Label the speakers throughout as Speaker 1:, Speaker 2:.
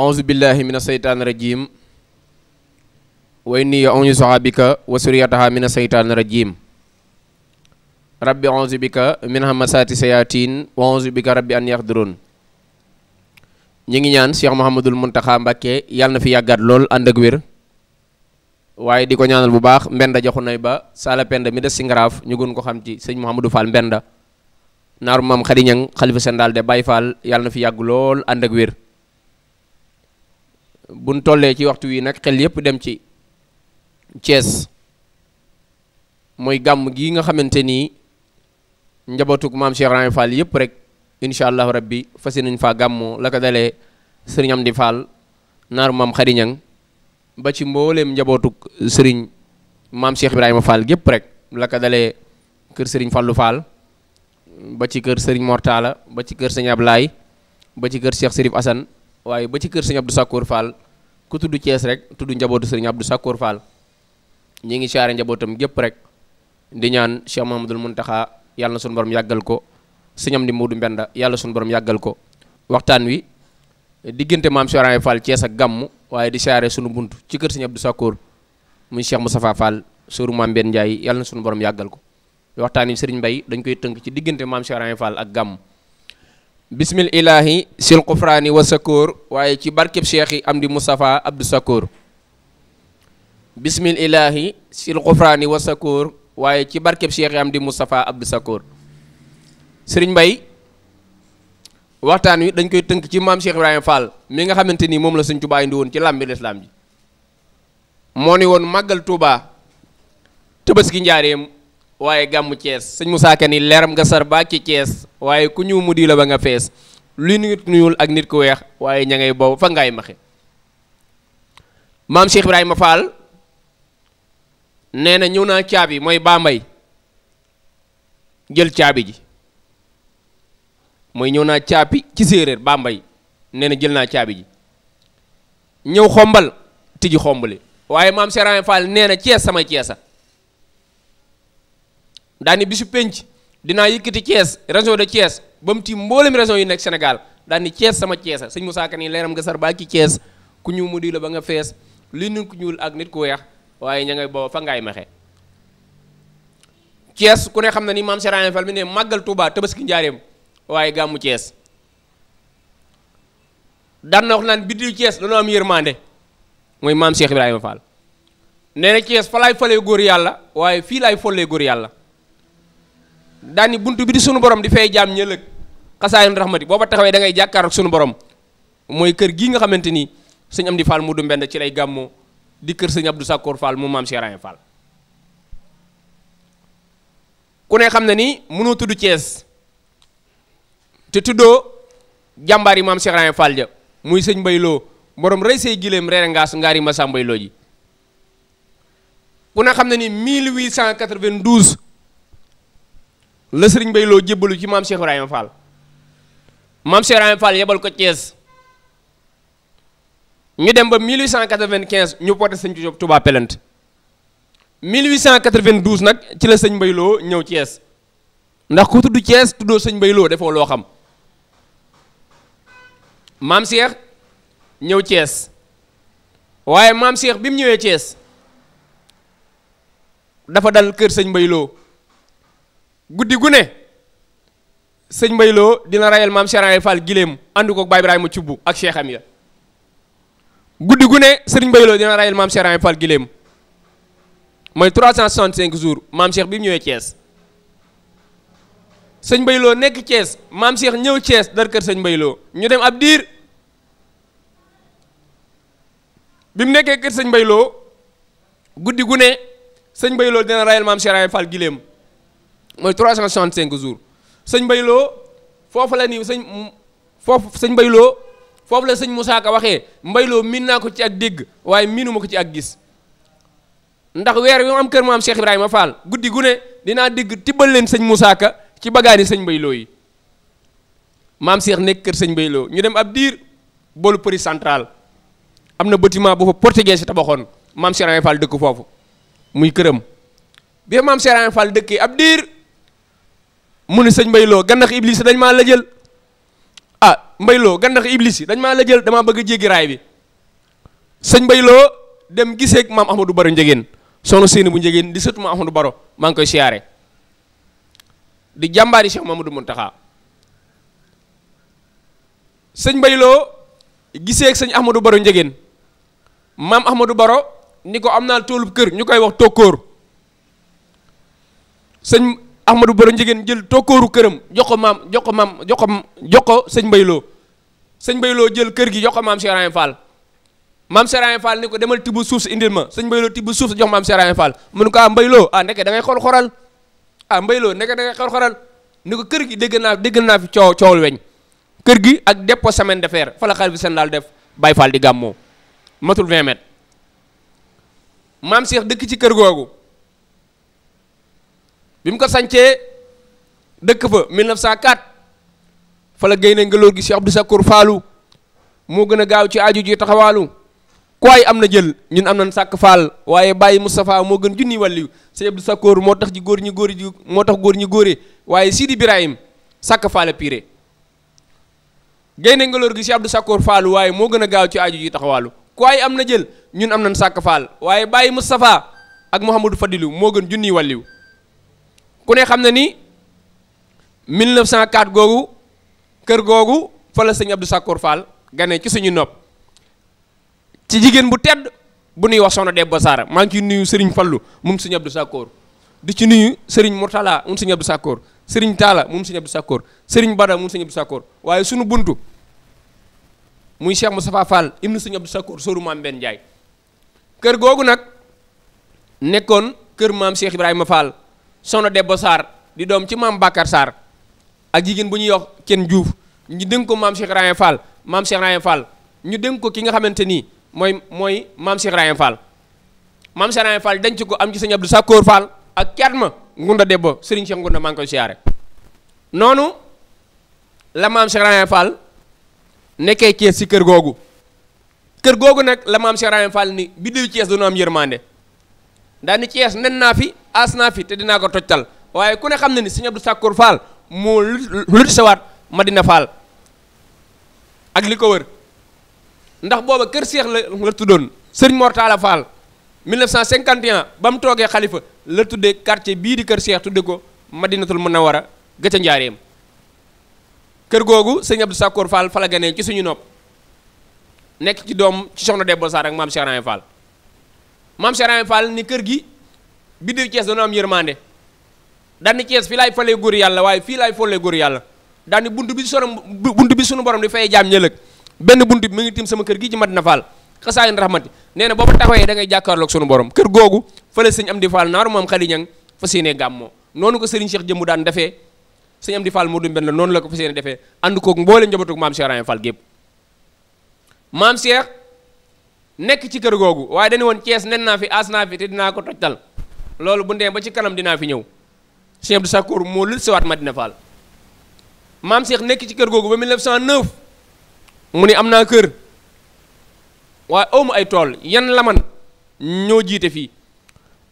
Speaker 1: auzu billahi mina seytaani rajim way nii ya auzu sahabika wa mina seytaani rajim rabbi auzu bika min hamasaati sayatin wa auzu bika rabbi an yaxdirun ñu ngi ñaan Cheikh Mouhamadul Mountakha Mbacké na fi yàggaat lool ànd ak wér waaye di ko ñaanal bu baax mbenda joxu nay ba sala penda mi des si ngaraaf ñu gën ko xam ci sëñ Mouhamadou Fall mbenda naaru maam Khady Niang xalifa sendal de Baye Fall yàlla na fi yàgg lool ànd ak wér buñ tollee ci waxtu wi nag xel yépp dem ci Thiès mooy gàmm gi nga xamante ni njabootug maam Cheikh Ibrahima Fall yépp rek incha allahu rabbi fas nañ faa gàmmoo la ko dalee sëriñ Amdi Fall naaru maam xariñang ba ci mbooleem njabootug sëriñ maam Cheikh Ibrahima Fall gépp rek la dalee kër sëriñ Fallou Fall ba ci kër sëriñ Mortala ba ci kër sëriñ Ablaye ba ci kër seex Sérif Assane waaye ba ci kër sëñ Abdou Sakkour Fall ku tudd cees rek tudd njabootu sëriñ Abdou Sakkour Fall ñi ngi siyaare njabootam gépp rek di ñaan Cheikh Mahamadul Muntaxa yàlla suñu borom yàggal ko sëñam di Moodu Mbenda yàlla suñu borom yàggal ko waxtaan wi diggante maam Cheikh Ibrahima Fall Thiès ak gàmm waaye di siyaare sunu bunt ci kër sëñ Abdou Sakkour muy Cheikh Moustapha Fall sëru maam Mbène Ndiaye yàlla na suñu borom yàggal ko waxtaan wi sëriñ Mbay dañ koy tënk ci diggante maam Cheikh Ibrahima Fall ak gàmm bismil ilaahi sil qufraani wa sakóor waaye ci barkeb cheikh am di moustapha abdou sakóor bismil ilaahi sil qufraani wa sakóor waaye ci barkeb cheikh yi am di moustapha abdou sakóor sëriñ mbay waxtaan wi dañ koy tënk ci maam cheikh ibrahima fall mi nga xamante ni moom la sëñ tubaa indi woon ci làmbi lislaam ji moo ni woon màggal tuubaa ki njaareem waaye gàmm cees sëñ musaa ka ni leeram nga sar baa cees waaye ku ñëw mu di la ba nga fees lu nit ñuul ak nit ku weex waaye ña ngay boobu fa ngay maxe maam Cheikh Ibrahima Fall nee na ñëw naa caabi mooy Bambey jël caabi ji mooy ñëw naa caabi ci séeréer Bambey jël naa caabi ji ñëw xombal tiji xombali waaye maam Cheikh Ibrahima Fall nee na cees sama ceesa daani bisu penc dinaa yëkkati Thiès région de Thiès ba mu tiim mboolem région yi nekk Sénégal daal ni sama Thiès sëñ Moussa Ka nii leeram nga sar baa ci Thiès ku ñuul mu di la ba nga fees li nu ku ñuul ak nit ku weex waaye ña ngay booba fa ngaay maxe Thiès ku ne xam na ni maam Serigne Fall mi ne màggal Touba tabaski njaareem waaye gàmmu Thiès daan na wax naan biddiw Thiès dañoo am yërmande mooy maam Cheikh Ibrahima Fall nee na Thiès fa laay falee góor yàlla waaye fii laay follee góor yàlla daani buntu bi di sunu borom di fay jaam ñëlëg xasaayun rahmati booba taxawee da ngay jàkkaar ak sunu borom mooy kër gii nga xamante ni sëñ di Fall mu du mbend ci lay gàmmoo di kër sëñ du Sakkoor Fall mu maam Cheikh Ibra ku ne xam na ni mënoo tudd Thiès te tuddoo yi maam Cheikh Ibra Fall muy sëñ Mbayloo borom rey say gileem reere ngaas ngaari ma Samba Mbayloo ji ku ne xam na ni 1892 la sëriñ bay loo jébbalu ci maam Cheikh Ibrahima Fall maam Cheikh Ibrahima Fall yebal ko Thiès ñu dem ba 1895 ñu porté sëñ Touba Pelente 1892 nag ci la sëñ Bay ñëw Thiès ndax ku tudd Thiès tuddoo sëñ Bay defoo loo xam maam Cheikh ñëw Thiès waaye maam Cheikh bi mu ñëwee Thiès dafa dal kër sëñ mbayloo guddi gu ne sëñ mbayloo dina rayal maam Cheikh Ibra Fall gileem ànd ko Baay Ibrahima Thioub ak Cheikh am ya guddi gu ne sëriñ mbayloo dina rayal maam Cheikh Ibra Fall gileem mooy 365 jours maam Cheikh bi mu ñëwee Thiès sëñ mbayloo nekk Thiès maam ñëw Thiès dar kër sëñ ñu dem ab diir bi mu nekkee kër sëñ mbayloo guddi gu sëñ mbayloo dina rayal maam Cheikh Ibra Fall gileem mooy 365 jours sëñ Mbayloo foofu la nii sëñ foofu sëñ Mbayloo foofu la sëñ Moussa Ka waxee Mbayloo miin naa ko ci ak dégg waaye miinu ma ko ci ak gis ndax weer wi mu am kër maam Cheikh Ibrahima Fall guddi gu ne dinaa dégg tibbal leen sëñ Moussa Ka ci bagaani sëñ Mbayloo yi maam Cheikh nekk kër sëñ Mbayloo ñu dem ab diir boolu përi central am na bâtiment bu fa portugais si tabaxoon maam Cheikh Ibrahima Fall dëkk foofu muy këram bi maam Cheikh mu ni sëñ mbayloo gannax iblis dañ maa la jël ah mbayloo gannax iblis yi dañ maa la jël damaa bëgg a bi sëñ mbayloo dem giseeg maam ahmadou baro njegéen soxna séeni bu njegéen di sëtu maam ahmadou baro maa ngi koy siyaare di jàmbaari cheikh mamadou muntaxa sëñ mbayloo giseeg sëñ ahmadou baro njegéen maam ahmadou baro ni ko am naa toolub kër ñu koy wax tokkóor sëñ Ahmadou Borom Njigéen jël tokkooru këram jox ko maam jox ko maam jox ko jox ko sëñ Mbayloo sëñ Mbayloo jël kër gi jox ko maam Cheikh Ibrahima Fall maam Cheikh Ibrahima ni ko demal tibb suuf si indil ma sëñ Mbayloo tibb suuf si jox maam Cheikh Ibrahima Fall ko ah Mbayloo ah ndeke da ngay xol xoral ah Mbayloo ndeke da ngay xoral ni ko kër gi dégg naa dégg naa fi coow coowul weñ kër gi ak dépôt semaine d'affaires fa la xarit bi seen daal def Baye Fall di gàmmoo matul 20 mètres ci kër googu bi mu ko sancee dëkk fa 1904 fa la gaynde ngelóor gi Cheikh Abdou Sakkour faalu moo gën a gaaw ci aju ji taxawaalu kuwaay am na jël ñun am nañ sàkk faal waaye bàyyi Moustapha moo gën junni wàlliyu Cheikh Abdou Sakkour moo tax ji góor ñi góor ji moo tax góor ñi góore waaye Sidi Birahim sàkk faala piré gaynde ngelóor gi Cheikh Abdou Sakkour faalu waaye moo gën a gaaw ci aju ji taxawaalu kuwaay am na jël ñun am nañ sàkk faal waaye bàyyi Moustapha ak Mouhamadou Fadilou moo gën junni wàlliyu ku ne xam na ni 1904 googu kër googu fa la sëñ Abdou Sakkour Fall gane ci suñu nopp ci jigéen bu tedd bu nuy wax soxna Debba Sarr maa ngi ciy nuyu Serigne fallu moom sëñ Abdou Sakkour di ci nuyu Serigne Mourtala moom sëñ Abdou Sakkour Serigne Talla moom sëñ Abdou Sakkour Serigne Bada sëñ Abdou Sakkour waaye sunu buntu muy Cheikh Moustapha Fall ibnu sëñ Abdou Sakkour sóoru maam benn Ndiaye kër googu nag nekkoon kër maam Cheikh Ibrahima Fall. sono debbo Sarr di doom ci maam Bakar Sarr ak jigéen bu ñuy wax kenn Diouf ñu dénk ko maam Cheikh Rahim Fall maam ñu dénk ko ki nga xamante ni mooy mooy maam Cheikh Rahim Fall maam Cheikh Rahim Fall denc ko am ci sëñ Abdou Sakkoor Fall ak cat ma ngunda debbo Serigne Cheikh ngunda maa koy siyaare noonu la maam Cheikh Rahim Fall nekkee Cees ci kër googu kër googu nag la maam Cheikh Rahim Fall ni biddewu Cees du nu am yërmande daal Cees nen naa fi. aas naa fi te dina ko toj tojtal waaye ku ne xam ne ni sëñ Abdou Sakkour Fall moo luti sawaat Madina Fall ak li ko wër ndax booba kër seex la la tuddoon sëriñ Mortala Fall 1951 ba mu toogee xalifa la tuddee quartier bii di kër seex tudde ko Madinatul Munawara gëca njaareem kër googu sëñ Abdou Sakkour Fall fa la ganee ci suñu nopp nekk ci doom ci soxna Debbo Sarr ak maam Cheikh Rahim maam Cheikh Rahim ni kër gi biddew Cees dana am yërmande daan ni Cees fii laay falee góor yàlla waaye fii laay follee góor yàlla daan bunt buntu bi sonam bi sunu borom di fay jaam ñëlëg benn bunt bi mu ngi tim sama kër gii ci mat na faal xasaayin rahmati nee na tax taxawee da ngay jàkkaarloog sunu borom kër googu fële sëñ am di faal naaru maam xali ñang fa séenee gàmmoo noonu ko sëriñ Cheikh jëmbu daan defee sëñ am di faal moo dum benn la noonu la ko fa séenee defee ànd koog mboolee njabootug maam Cheikh Rahim Fall gépp maam ci kër googu waaye dañu woon Cees nen naa fi aas naa fi te dinaa ko loolu bu ndee ba ci kanam dinaa fi ñëw Cheikh Abdou Sakkour moo lul siwaat Madina Fall maam Cheikh nekk ci kër googu ba 1909 mu ni am naa kër waaye awma ay tool yan laman ñoo jiite fii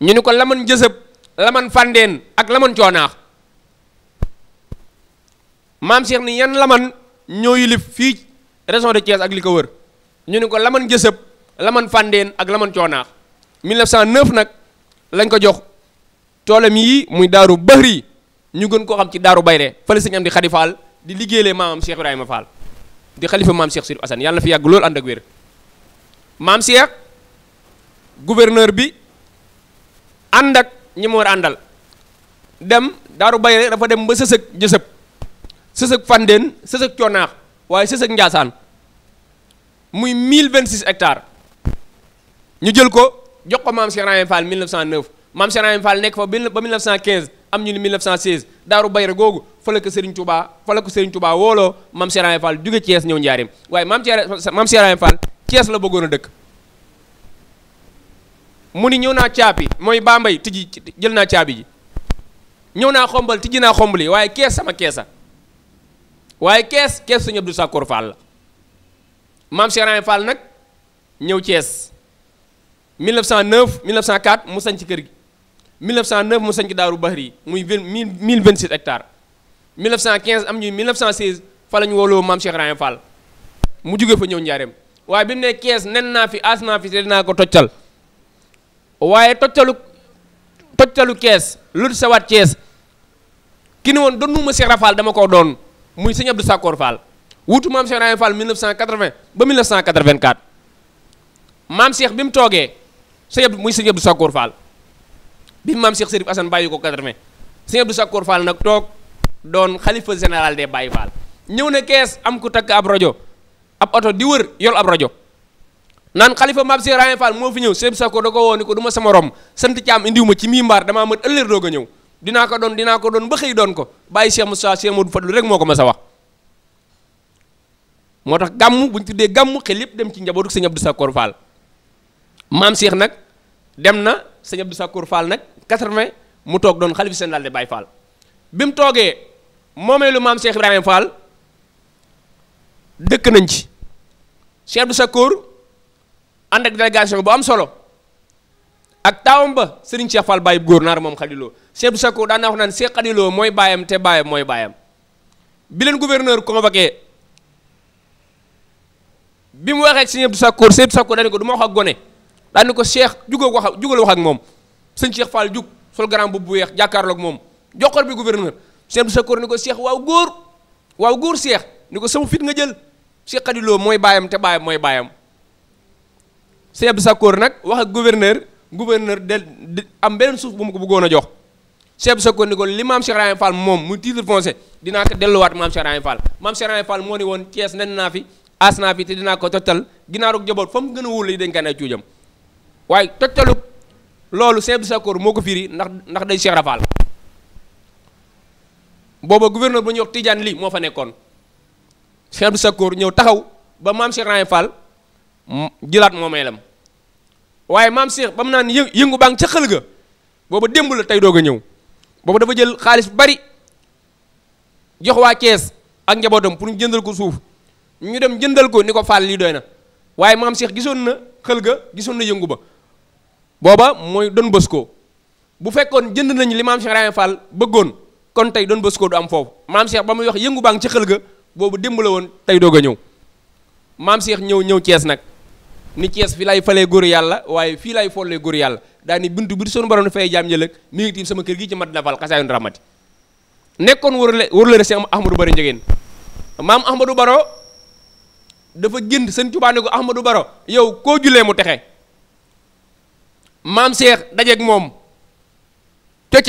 Speaker 1: ñu ni ko laman jësëb laman fàndeen ak laman coonaax maam Cheikh ni yan laman ñoo yilif fii région de Thiès ak li ko wër ñu ni ko laman jësëb laman fàndeen ak laman coonaax 1909 nag lañ ko jox toolam yi muy daaru bahri ñu gën koo xam ci daaru bayre fële sëñ am di xadi faal di liggéeylee maamam Cheikh Ibrahima Fall di xalifa maam Cheikh Sirif Assane yàlla na fi yàgg loolu ànd ak wér maam Cheikh gouverneur bi ànd ak ñi mu àndal dem daaru bayre dafa dem ba sësëg jësëb sësëg fandeen sësëg coonaax waaye sësëg njaasaan muy 1026 ñu jël ko jox ko maam Cheikh Ibrahima Fall 1909 maam Cheikh Ibrahima Fall nekk fa ba cent 1915 am ñu ni 1916 daaru bayra googu fa la ko Serigne Touba fa la ko Serigne Touba wooloo maam Cheikh Ibrahima Fall jóge Thiès ñëw Njaareem waaye maam Cheikh maam Cheikh Ibrahima Fall Thiès la bëggoon a dëkk mu ni ñëw naa caapi mooy Bambey tijji jël naa caabi ji ñëw naa xombal tijj naa xombal yi waaye kees sama keesa waaye kees kees Serigne Abdou Sakkour Fall la maam Cheikh Ibrahima Fall nag ñëw Thiès 1909 1904 mu sañ ci kër gi. 1909 mu sañ ci daaru Bahri muy mille mille vingt six cent 1915 am ñuy 1916 fa la ñu wolo maam Cheikh Rahim Fall mu jóge fa ñëw njaareem waaye bi mu ne 15 nen naa fi aas naa fi te dinaa ko toccal waaye toccalu toccalu kees lu sawaat kees ki ni woon donnu ma Cheikh Rahim Fall dama ko doon muy sëñ Abdou Sakkoor Fall wuutu maam Cheikh Rahim Fall 1980 ba 1984 maam Cheikh bi mu toogee sëñ Abdou muy sëñ Abdou bi maam Cheikh Serif Assane bàyyi ko 80 sëñ Abdou nag toog doon xalifa général des Baye Fall ñëw na kees am ku takk ab rajo ab oto di wër yol ab rajo naan xalifa maam Cheikh Rahane moo fi ñëw sëñ Abdou ko woo ko du ma sama sant caam indiwuma ci mii mbaar damaa mën ëllëg doog a ñëw dinaa ko doon dinaa ko doon ba xëy doon ko bàyyi Cheikh Moussa Cheikh Modou Fadlu rek moo ko mas a tax gàmm bu tuddee gàmm xel yépp dem ci njabootu sëñ Abdou Sakkour Fall maam Cheikh nag dem na sëñ Abdou Sakkour Fall nag 80 mu toog doon xalifa général de Baye Fall bi mu toogee moomeelu maam Cheikh Ibrahima Fall dëkk nañ ci Cheikh Abdou Sakkour ànd ak délégation bu am solo ak taawam ba Serigne Cheikh Fall Baye góor naar moom xadiloo Cheikh Abdou Sakkour daan naa wax naan Cheikh xadiloo mooy baayam te baayam mooy baayam bi leen gouverneur convoqué bi mu waxee ak Serigne Abdou Sakkour Cheikh Abdou Sakkour ko du wax ak gone daanu ko Cheikh jugal wax jugal wax ak moom sëñ Cheikh Fall jug sol grand bu bu weex jàkkaarloog moom joxor bi gouverneur sëñ bi Sakkoor ni ko seex waaw góor waaw góor seex ni ko sama fit nga jël Cheikh Khady Lo mooy baayam te baayam mooy baayam sëñ bi Sakkoor nag wax ak gouverneur gouverneur del am beneen suuf bu mu ko bëggoon a jox. Cheikh Sakkoor ni ko li maam Cheikh Rahim Fall moom mu titre foncé dinaa ko delluwaat maam Cheikh Rahim Fall maam Cheikh moo ni woon Thiès nen naa fi aas naa fi te dinaa ko tottal ginnaarug jaboot fa mu gën dañ ko ne cuujam waaye loolu Cheikh Abdou Sakor moo ko firi ndax ndax day Cheikh Rafal booba gouverneur ba ñuy wax Tidiane lii moo fa nekkoon Cheikh Abdou Sakor ñëw taxaw ba maam Cheikh Rayane Fall jëlaat lam waaye maam seex ba mu naan yë yëngu baa ngi ca xël ga booba démb la tey doog a ñëw booba dafa jël xaalis bu bari jox waa Kees ak njabootam pour ñu jëndal ko suuf ñu dem jëndal ko ni ko Fall lii doy na waaye maam Cheikh gisoon na xël ga gisoon na yëngu ba. booba mooy Don Bosco bu fekkoon jënd nañu li maam Cheikh Ibrahima Fall bëggoon kon tey Don Bosco du am foofu maam Cheikh ba muy wax yëngu baa ngi ci xël ga boobu démb la woon tey doog ñëw maam Cheikh ñëw ñëw cees nag ni Thiès fi lay falee góor yàlla waaye fii lay follee góor yàlla daa ni bintu bi sunu borom fay jaam njëlëg mi ngi tiim sama kër gi ci mat na fal xasaayun ramati nekkoon wërale wërale si am Ahmadou Baro njegeen maam Ahmadou Baro dafa génn seen cubaane ko Ahmadou Baro yow koo julee mu texe maam Cheikh dajeeg moom ca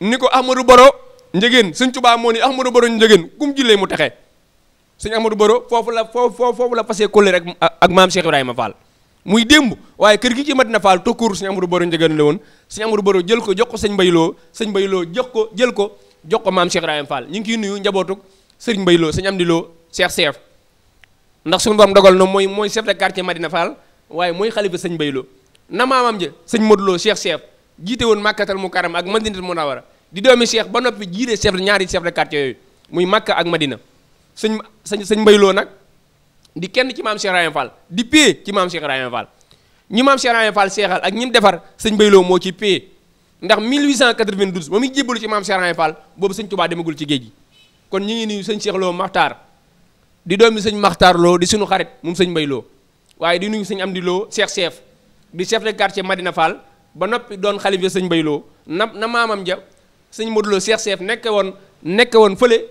Speaker 1: ni ko Ahmadou Boro njëgeen sëñ Tuubaa moo ni Ahmadou Boro njëgeen ku mu jullee mu texe sëñ Ahmadou Boro foofu la foofu foofu la fase kóllëre rek ak maam Cheikh Ibrahima Fall muy démb waaye kër gi ci Madina Fall tokkur sëñ Ahmadou Boro njëgeen la woon sëñ Boro jël ko jox ko Mbayloo sëñ Mbayloo jox ko jël ko jox ko maam Cheikh Ibrahima Fall ngi ciy nuyu njabootuk sëriñ Mbayloo sëñ Amdi Loo Cheikh ndax suñu borom dogal na mooy mooy chef de quartier Madina faal waaye mooy xalifa sëñ Mbayloo na maamam ja sëñ Modou Lo Cheikh Cheikh jiite woon Makkatal Mukarram ak Madinatul Munawwara di doomi Cheikh ba noppi jiite chef de ñaari chef de quartier yooyu muy Makka ak Madina sëñ sëñ sëñ Mbaye nag di kenn ci maam Cheikh Rayane Fall di pee ci maam Cheikh Rayane Fall ñi maam Cheikh Rayane Fall seexal ak ñi defar sëñ Mbaye Lo moo ci pee ndax 1892 ba muy jébbalu ci maam Cheikh Rayane boobu sëñ Touba demagul ci géej gi kon ñu ngi nuyu sëñ Cheikh Lo di doomi sëñ Maxtaar di suñu xarit moom sëñ Mbaye Lo waaye di nuyu sëñ Amdi Lo Cheikh Cheikh di chef de quartier Madina Fall ba noppi doon xalifa sëñ Bayloo na na maamam ja sëñ Modou Lo Seex Seef nekk woon nekk woon fële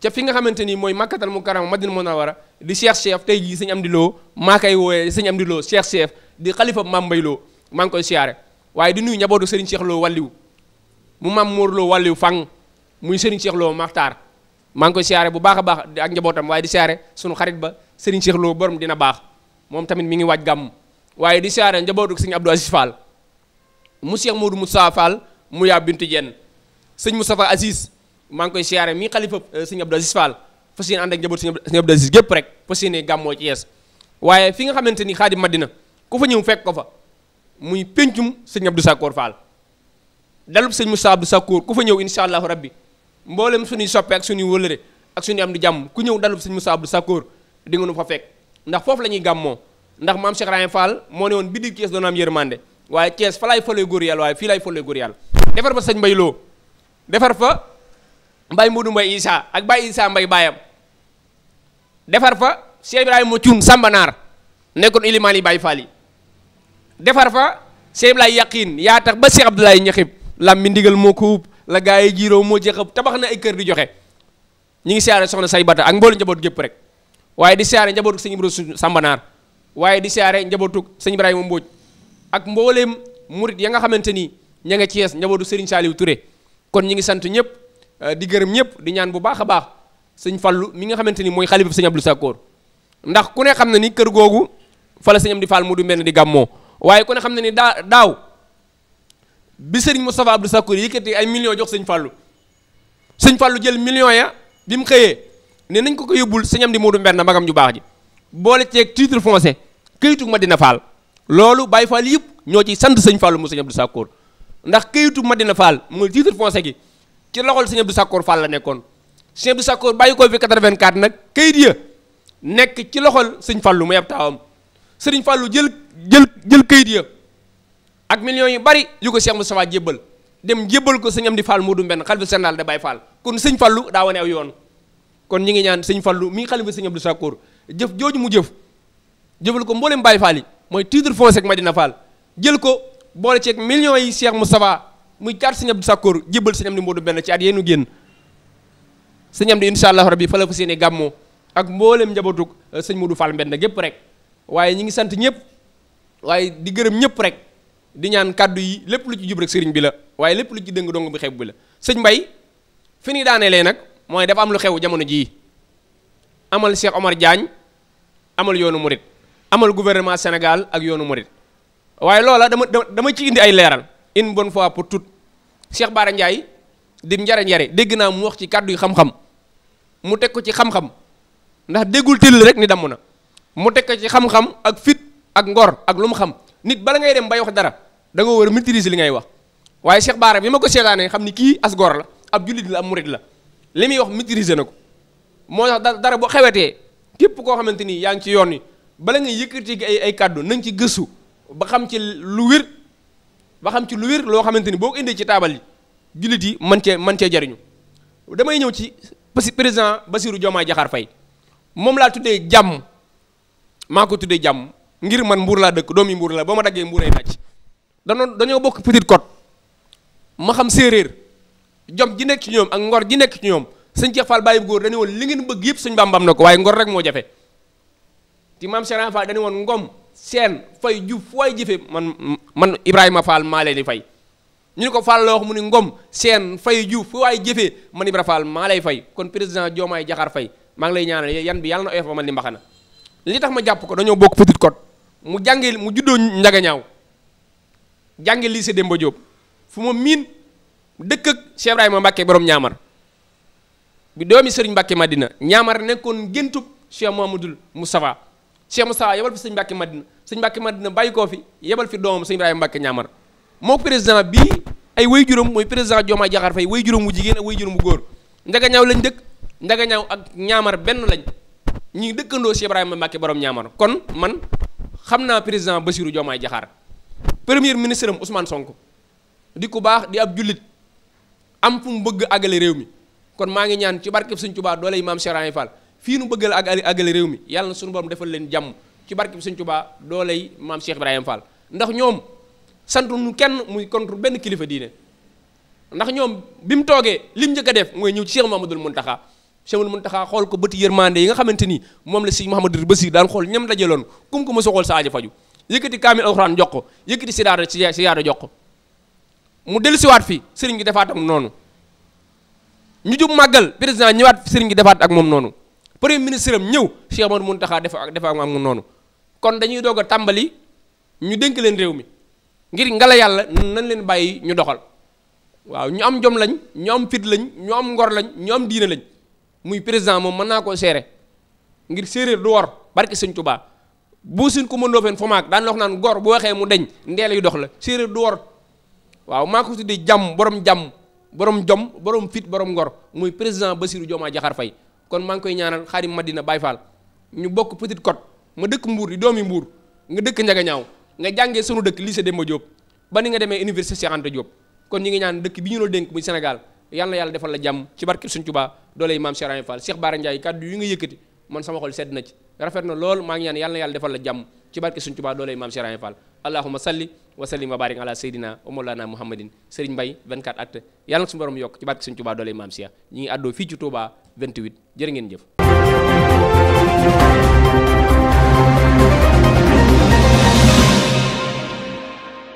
Speaker 1: ca fi nga xamante ni mooy Makkatal Mukarram Madina Munawara di Seex Seef tey jii sëñ Amdi Lo maa koy wooyee sëñ Amdi Lo Seex di xalifa maam Bayloo ngi koy siyaare waaye di nuyu njabootu sëriñ Seex Lo wàlliw mu maam Mor Lo wàlliw muy sëriñ Seex Lo Maxtaar maa ngi koy siyaare bu baax a baax ak njabootam waaye di siyaare sunu xarit ba sëriñ Seex Lo borom dina baax moom tamit mi ngi waaj gàmm waaye di siyaare njabootu sëñ Abdou Aziz Fall mu Cheikh Modou Moussa Fall mu yaa bintu jenn sëñ Moustapha Aziz maa ngi koy siyaare mii xalifa euh, sëñ Abdou Aziz Fall fas yéene ànd ak gépp rek fas yéene gàmmoo ci yees waaye fi nga xamante ni Xaadim Madina ku fa ñëw fekk ko fa muy péncum sëñ Abdou Sakkoor Fall dalub sëñ Moussa Abdou Sakkoor ku fa ñëw insha allahu rabbi mboolem suñuy soppee ak suñuy wëlëre ak suñuy am di jàmm ku ñëw dalub sëñ Moussa Abdou Sakkoor di nga nu fa fekk ndax foofu la ñuy gàmmoo ndax maam Cheikh Rahim Fall moo ne woon biddi Thiès doon am yërmande waaye Thiès fa laay falee góor yàlla waaye fii laay falee góor yàlla defar fa sëñ Mbay Loo defar fa Mbay Moodu Mbay Isaa ak Baay Isaa Mbay baayam defar fa Cheikh Ibrahima Sambanaar nekkoon ilimaan yi Baay Faal yi defar fa Cheikh Ibrahima Yaqiin yaa tax ba Cheikh Abdoulaye Ñaxib lam mi ndigal moo ko la gaa yi jiiroo moo ci xëpp tabax na ay kër di joxe ñu ngi siyaare soxna say bata ak mboolu njaboot gépp rek waaye di siyaare njaboot sëñ Ibrahima Sambanaar waaye di siyaare njabootu sëñ mu Mbodj ak mbooleem murit ya nga xamante ni ña nga Cees njabootu sëriñ Saliou Touré kon ñu ngi sant ñëpp euh, di gërëm ñëpp di ñaan bu baax a baax sëñ Fallu mi nga xamante ni mooy xalifa sëñ Abdou Sakkoor ndax ku ne xam na ni kër googu fa sëñam di Amdi Fall mu du mel di gàmmoo waaye ku ne xam na ni daa daaw bi sëriñ Moustapha Abdou Sakkoor yëkkati ay million jox sëñ Fallu sëñ Fallu jël million ya bi mu xëyee ne nañ ko ko yóbbul sëñ Amdi Moodu Mbenn magam ju baax ji boole ceeg titre foncier këyitug Madina Fall loolu bay Fall yëpp ñoo ciy sant sëñ Fallu mu sëñ Abdou Sakkoor ndax këyitug Madina Fall muy titre foncier gi ci loxol sëñ Abdou Sakkoor Fall la nekkoon sëñ Abdou Sakkoor bàyyi ko fi 84 nag këyit ya nekk ci loxol sëñ Fallu muy ab taawam sëriñ jël jël jël këyit ya ak millions yu bari yu ko Cheikh Moustapha jébbal dem jébbal ko sëñ Amdi Fall Modou Mbenn xalifa général de Baye Fall kon sëñ Fallu daa wane aw yoon kon ñi ngi ñaan sëñ Fallu mi ngi xalifa sëñ Abdou Sakkoor jëf mu jëf jëfal ko mboolem Baye Fall yi mooy titre foncier ak dina Fall jël ko boole ceeg millions yi Cheikh Moustapha muy caat sëñ Abdou Sakkoor jébbal sëñ Amdi Modou benn ci at génn sëñ Amdi incha fa la gàmmoo ak mboolem njabootug euh, sëñ Modou Fall mbenn gépp rek waaye ñi ngi sant ñëpp waaye di gërëm ñëpp rek di ñaan kàddu yi lépp lu ci jub rek sëriñ bi la waaye lépp lu ci dëng dong bi xew bi la sëñ Mbay fi ñuy daaneelee nag mooy dafa am lu xew jamono jii amal Cheikh Omar Diagne amal yoonu murit amal gouvernement Sénégal ak yoonu Mouride waaye loola dama dama ci indi ay leeral une bonne fois pour toutes Cheikh Bara Ndiaye di njare njare dégg naa mu wax ci kàddu yi xam-xam mu teg ko ci xam-xam ndax déggul tëll rek ni damm na mu teg ko ci xam-xam ak fit ak ngor ak lu mu xam nit bala ngay dem bay wax dara da war a maîtriser li ngay wax waaye Cheikh Bara bi ma ko seetaanee xam ni kii asgor la ab jullit la ab murit la li muy wax maîtriser na ko moo dara boo xewetee képp koo xamante ni yaa ngi ci yoon wi bala nga yëkkati ay ay kàddu na nga ci gëstu ba xam ci lu wér ba xam ci lu wér loo xamante ni boo ko indee ci taabal yi jullit yi man cee man cee jariñu damay ñëw ci parce que président Bassirou jomaa Diakhar fay moom laa tuddee jàmm maa ko tuddee jàmm ngir man mbuur laa dëkk yi mbuur la ba ma daggee mbuuray naaj dana dañoo bokk Petite Côte ma xam séeréer jom ji nekk ci ñoom ak ngor ji nekk ci ñoom sëñ Cheikh Fall bàyyi góor dañu woon li ngeen bëgg yëpp sëñ Bàmba am na ko waaye ngor moo jafe te maam Cheikh Ibra Fall dañu woon ngom seen fay jub fooy jëfe man man Ibrahima Fall maa leen fay ñu ne ko Fall mu ni ngom seen fay jub fu waay jëfee man Ibrahima Fall maa lay fay kon président Diomaye Diakhar fay maa ngi lay ñaanal yan bi yàlla na oyof ba man ni mbaxana li tax ma jàpp ko dañoo bokk Petite Côte mu jànge mu juddoo Njagañaaw jànge lycée Demba Diop fu ma miin dëkk ak Cheikh Ibrahima Mbacke borom ñaamar bi doomi Serigne Mbacke Madina ñaamar nekkoon géntub Cheikh Mouhamadoul Moustapha Cheikh Moussa yebal fi sëñ Mbàkke Madina sëñ Mbàkke Madina bàyyi koo fi yebal fi doomam suñ Ibrahima Mbàkke ñaamar moo président bii ay way juróom mooy président Diomaye Diakhar fay way juróom wu jigéen ak way juróom wu góor ndaga ñaaw lañ dëkk ndaga ñaaw ak ñaamar benn lañ ñu dëkkandoo Cheikh Ibrahima Mbàkke borom ñaamar kon man xam naa président Bassirou Diomaye Diakhar premier ministre am Ousmane Sonko di ku baax di ab jullit am fu mu bëgg àggale réew mi kon maa ngi ñaan ci barkeb Sëñ Tuubaa dooley maam Cheikh Ibra Fall fii nu bëggal ak àggale réew mi yàlla na suñu borom defal leen jàmm ci barke bi sëñ Tuubaa doolay maam Cheikh Ibrahima Fall ndax ñoom santu nu kenn muy contre benn kilifa diine ndax ñoom bi mu toogee lim njëkk a def mooy ñëw ci Cheikh Mamadou Mountakha Cheikh Mountakha xool ko bëti yërmande yi nga xamante ni moom la Sëñ Mouhamadou Bassir daan xool ñam dajaloon kum ko mës a xool sa aajo faju yëkkati kaamil alxuraan jox ko yëkkati sidaara siyaara jox ko mu dellusiwaat fi sëriñ gi defaat ak noonu ñu jub màggal président ñëwaat sëriñ gi defaat ak moom noonu premier ministre am ñëw Cheikh Amadou Mountakha def ak def am am noonu kon dañuy doog a tàmbali ñu dénk leen réew mi ngir ngala yàlla nañ leen bàyyi ñu doxal waaw ñu am jom lañ ñu am fit lañ ñu am ngor lañ ñu am diine lañ muy président moom mën naa koo seere ngir séeréer du war barke sëñ Tuubaa bu sin ko mëndoo fen fomaak daan la wax naan gor bu waxee mu deñ ndee lay dox la séeréer du war waaw maa ko di jàmm borom jàmm borom jom borom fit borom ngor muy président Bassirou Diomaye Diakhar Faye kon maa ngi koy ñaanal xaadim Madina Baye Fall ñu bokk Petite Côte ma dëkk mbuur di doomi Mbour nga dëkk Njagañaaw nga jàngee sunu dëkk lii lycée Demba Diop ba ni nga demee université Cheikh Anta kon ñu ngi ñaan dëkk bi ñu la dénk muy Sénégal yal na yàlla defal la jàmm ci barke Sëñ Tuubaa dooley maam Cheikh Ibra Fall Cheikh Bara Ndiaye kàddu yu sedd na rafet na lool maa ngi ñaan yal na yàlla defal jàmm ci barke Sëñ Tuubaa dooley maam Cheikh Ibra Fall allahumma salli wa sallim wa barik ala sayyidina wa mawlana muhammadin Serigne Mbaye 24 acte yàlla na suñu borom yokk ci barke Sëñ Tuubaa 28 jërë ngeen jëf.